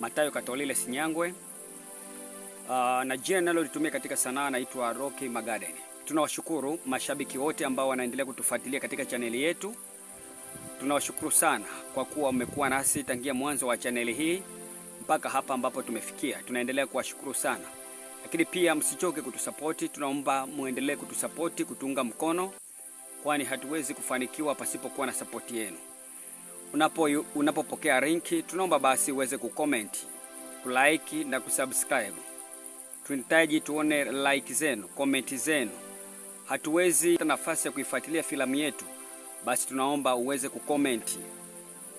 Matayo Katolile Sinyangwe. Uh, na jina nalolitumia katika sanaa naitwa Rocky Magaden. Tunawashukuru mashabiki wote ambao wanaendelea kutufuatilia katika chaneli yetu. Tunawashukuru sana kwa kuwa mmekuwa nasi tangia mwanzo wa chaneli hii mpaka hapa ambapo tumefikia. Tunaendelea kuwashukuru sana, lakini pia msichoke kutusapoti. Tunaomba muendelee kutusapoti, kutuunga mkono, kwani hatuwezi kufanikiwa pasipokuwa na sapoti yenu unapo unapopokea linki, tunaomba basi uweze kukomenti, kulike na kusubscribe. Tunahitaji tuone like zenu, komenti zenu. Hatuwezi nafasi ya kuifuatilia filamu yetu, basi tunaomba uweze kukomenti,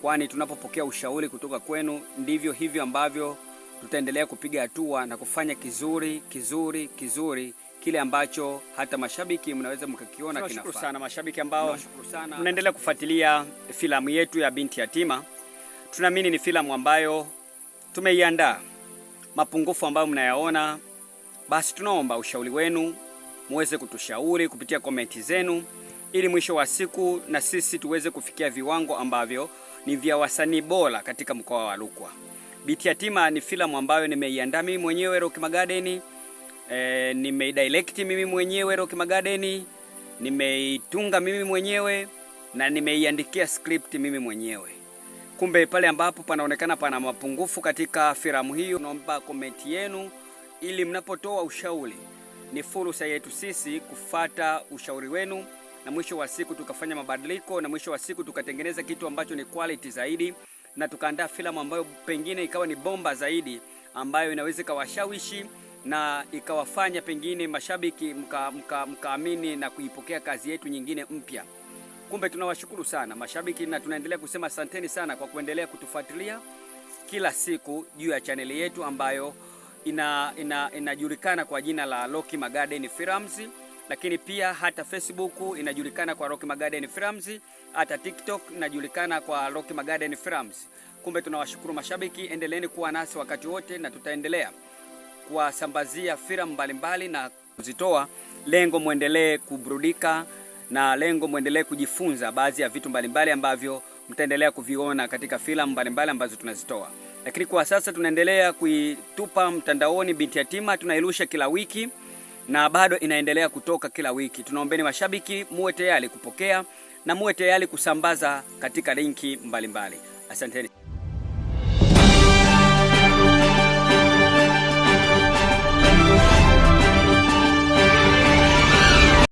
kwani tunapopokea ushauri kutoka kwenu ndivyo hivyo ambavyo tutaendelea kupiga hatua na kufanya kizuri kizuri kizuri kile ambacho hata mashabiki mnaweza mkakiona kinafaa. sana mashabiki ambao mnaendelea kufuatilia filamu yetu ya Binti Yatima. Tunaamini ni filamu ambayo tumeiandaa. Mapungufu ambayo mnayaona, basi tunaomba ushauri wenu, muweze kutushauri kupitia komenti zenu, ili mwisho wa siku na sisi tuweze kufikia viwango ambavyo ni vya wasanii bora katika mkoa wa Rukwa. Binti Yatima ni filamu ambayo nimeiandaa mimi mwenyewe Roki Magadeni eh, nimeidirect mimi mwenyewe Rock Garden, nimeitunga mimi mwenyewe na nimeiandikia script mimi mwenyewe. Kumbe pale ambapo panaonekana pana mapungufu katika filamu hiyo, naomba komenti yenu, ili mnapotoa ushauri, ni fursa yetu sisi kufata ushauri wenu na mwisho wa siku tukafanya mabadiliko na mwisho wa siku tukatengeneza kitu ambacho ni quality zaidi, na tukaandaa filamu ambayo pengine ikawa ni bomba zaidi, ambayo inaweza ikawashawishi na ikawafanya pengine mashabiki mkaamini na kuipokea kazi yetu nyingine mpya. Kumbe tunawashukuru sana mashabiki, na tunaendelea kusema asanteni sana kwa kuendelea kutufuatilia kila siku juu ya chaneli yetu ambayo ina, ina, inajulikana kwa jina la Rocky Magarden Films, lakini pia hata Facebook inajulikana kwa Rocky Magarden Films, hata TikTok inajulikana kwa Rocky Magarden Films. Kumbe tunawashukuru mashabiki, endeleeni kuwa nasi wakati wote na tutaendelea kuwasambazia filamu mbalimbali na kuzitoa, lengo mwendelee kuburudika na lengo mwendelee kujifunza baadhi ya vitu mbalimbali ambavyo mtaendelea kuviona katika filamu mbalimbali ambazo tunazitoa. Lakini kwa sasa tunaendelea kuitupa mtandaoni Binti Yatima, tunairusha kila wiki na bado inaendelea kutoka kila wiki. Tunaombeni mashabiki muwe tayari kupokea na muwe tayari kusambaza katika linki mbalimbali. Asanteni.